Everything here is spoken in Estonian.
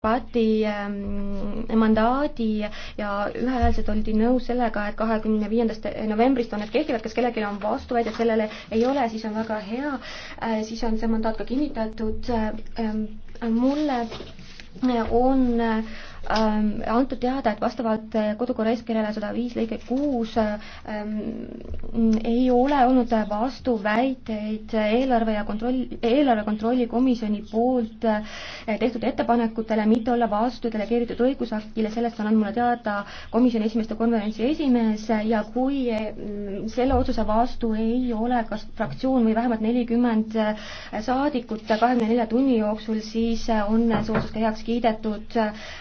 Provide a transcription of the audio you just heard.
debati ähm, mandaadi ja ühehäälselt oldi nõus sellega, et kahekümne viiendast novembrist on need kehtivad, kas kellelgi on vastuväide sellele, ei ole, siis on väga hea, äh, siis on see mandaat ka kinnitatud. Äh, ähm, mulle on äh, Ähm, antud teada, et vastavalt äh, kodukorra eeskirjale sada viis lõige kuus ähm, ei ole olnud vastuväiteid eelarve ja kontroll, eelarve kontrolli komisjoni poolt äh, tehtud ettepanekutele mitte olla vastu delegeeritud õigusaktile, sellest on andnud mulle teada komisjoni esimeeste konverentsi esimees ja kui mm, selle otsuse vastu ei ole kas fraktsioon või vähemalt nelikümmend äh, saadikut kahekümne nelja tunni jooksul, siis on see otsus ka heaks kiidetud